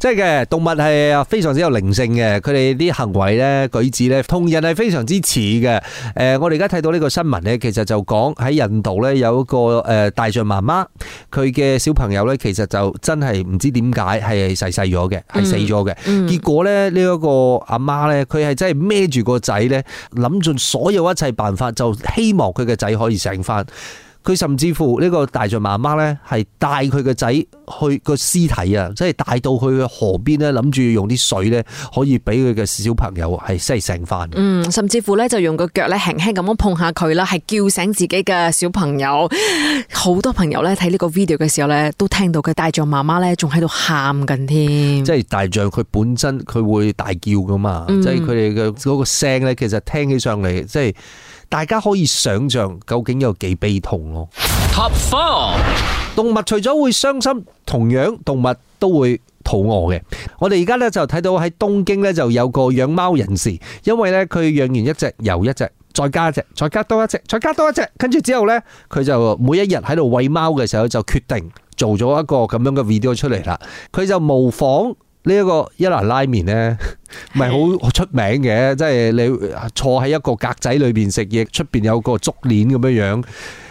真係嘅，動物係非，非常之有靈性嘅，佢哋啲行為咧，舉止咧，同人係非常之似嘅。誒，我哋而家睇到呢個新聞咧，其實就講喺印度咧有一個誒、呃、大象媽媽，佢嘅小朋友咧，其實就真係唔知點解係細細咗嘅，係死咗嘅。嗯嗯，結果咧呢一，這個阿媽咧，佢係真係孭住個仔咧，諗盡所有一切辦法，就希望佢嘅仔可以醒翻。佢甚至乎呢個大象媽媽咧，係帶佢個仔去個屍體啊，即係帶到去河邊咧，諗住用啲水咧，可以俾佢嘅小朋友係醒翻。嗯，甚至乎咧，就用個腳咧，輕輕咁樣碰下佢啦，係叫醒自己嘅小朋友。好多朋友咧睇呢個 video 嘅時候咧，都聽到佢大象媽媽咧仲喺度喊緊添。即係大象佢本身佢會大叫噶嘛，嗯、即係佢哋嘅嗰個聲咧，其實聽起上嚟即係。大家可以想象究竟有幾悲痛咯。Top four 動物除咗會傷心，同樣動物都會肚餓嘅。我哋而家咧就睇到喺東京咧就有個養貓人士，因為咧佢養完一隻又一隻，再加一隻，再加多一隻，再加多一隻，跟住之後呢，佢就每一日喺度喂貓嘅時候就決定做咗一個咁樣嘅 video 出嚟啦。佢就模仿。呢一個一蘭拉麵呢，唔係好出名嘅，的即係你坐喺一個格仔裏邊食嘢，出邊有個竹簾咁樣樣。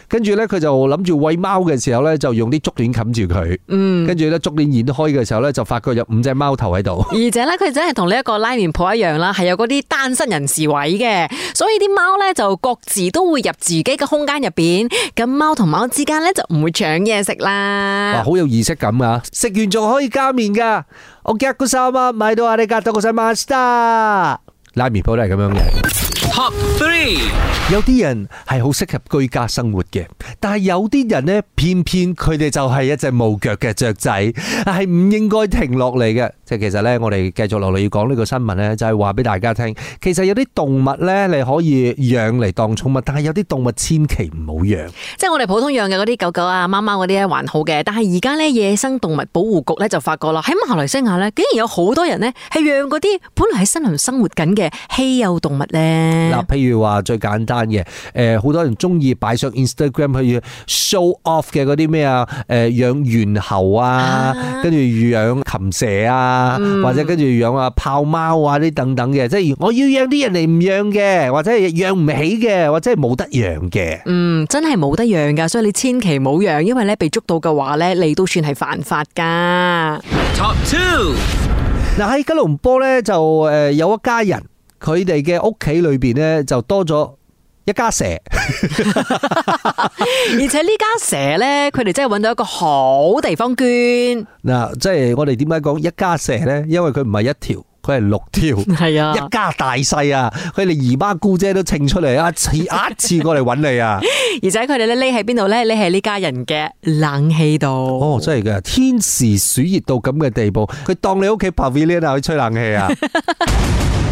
跟住呢，佢就諗住餵貓嘅時候呢，就用啲竹簾冚住佢。嗯，跟住呢竹簾展開嘅時候呢，就發覺有五隻貓頭喺度。而且呢，佢真係同呢一個拉麵鋪一樣啦，係有嗰啲單身人士位嘅，所以啲貓呢就各自都會入自己嘅空間入邊。咁貓同貓之間呢，就唔會搶嘢食啦。哇，好有儀式感噶、啊！食完仲可以加麵噶。我夾個衫啊，買到阿你夾到個細 Master 拉麵鋪都係咁樣嘅。Top three，有啲人係好適合居家生活嘅，但係有啲人呢，偏偏佢哋就係一隻冇腳嘅雀仔，係唔應該停落嚟嘅。即係其實呢，我哋繼續落嚟，要講呢個新聞呢，就係話俾大家聽，其實有啲動物呢，你可以養嚟當寵物，但係有啲動物千祈唔好養。即係我哋普通養嘅嗰啲狗狗啊、貓貓嗰啲咧，還好嘅。但係而家呢，野生動物保護局呢，就發覺啦，喺馬來西亞呢，竟然有好多人呢，係養嗰啲本來喺森林生活緊嘅稀有動物呢。嗱，譬如話最簡單嘅，誒，好多人中意擺上 Instagram 譬如 show off 嘅嗰啲咩啊，誒，養猿猴啊，跟住養禽蛇啊，或者跟住養啊豹貓啊，啲等等嘅，即係我要養啲人哋唔養嘅，或者係養唔起嘅，或者係冇得養嘅。嗯，真係冇得養噶，所以你千祈冇養，因為咧被捉到嘅話咧，你都算係犯法噶。Top two，嗱喺吉隆坡咧就誒有一家人，佢哋嘅屋企裏邊咧，就多咗一家蛇 而且呢家蛇咧，佢哋真係揾到一個好地方捐。嗱、啊，即係我哋點解講一家蛇咧？因為佢唔係一條，佢係六條，係 啊，啊，啊，一家大細啊，佢哋姨媽姑姐都請出嚟一次一次過嚟揾你啊！ 而且佢哋咧匿喺邊度咧？匿喺呢家人嘅冷氣度。哦，真係㗎，天時暑熱到咁嘅地步，佢當你屋企拍 Villa 去吹冷氣啊！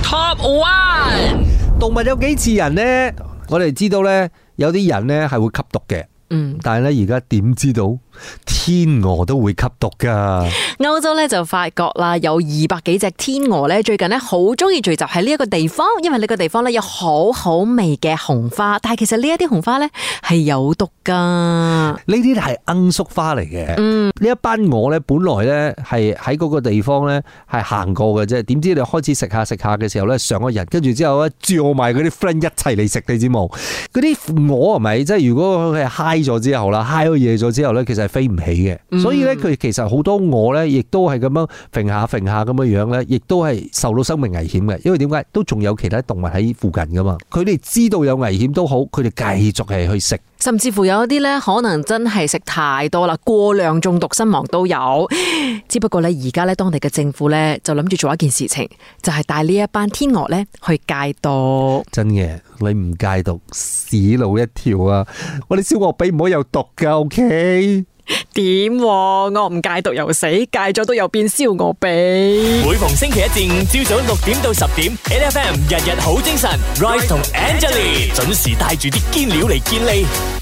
Top one，動物有幾似人呢？ 我哋知道呢，有啲人呢係會吸毒嘅，嗯，但係呢而家點知道？天鵝都會吸毒噶，歐洲咧就發覺啦，有二百幾隻天鵝咧，最近咧好中意聚集喺呢一個地方，因為呢個地方咧有好好味嘅紅花，但係其實呢一啲紅花咧係有毒噶，呢啲係罌粟花嚟嘅。嗯，呢一班鵝咧本來咧係喺嗰個地方咧係行過嘅啫，點知你開始食下食下嘅時候咧上咗癮，跟住之後咧叫埋嗰啲 friend 一齊嚟食你知冇？嗰啲鵝係咪？即係如果佢係嗨咗之後啦，嗨咗嘢咗之後咧，其實。飛唔起嘅， 嗯、所以咧佢其實好多鵝咧，亦都係咁樣揈下揈下咁樣樣咧，亦都係受到生命危險嘅。因為點解都仲有其他動物喺附近噶嘛，佢哋知道有危險都好，佢哋繼續係去食。甚至乎有一啲咧，可能真係食太多啦，過量中毒身亡都有。只不過咧，而家咧當地嘅政府咧就諗住做一件事情，情就係帶呢一班天鵝咧去戒毒。真嘅，你唔戒毒死路一條啊！我哋燒鵝畀唔好有毒噶，O K。Okay? 點、啊？我唔戒毒又死，戒咗都有變燒鵝髀。每逢星期一至五，朝早六點到十點，L F M 日日好精神，Rise 同 Angelina 準時帶住啲堅料嚟見你。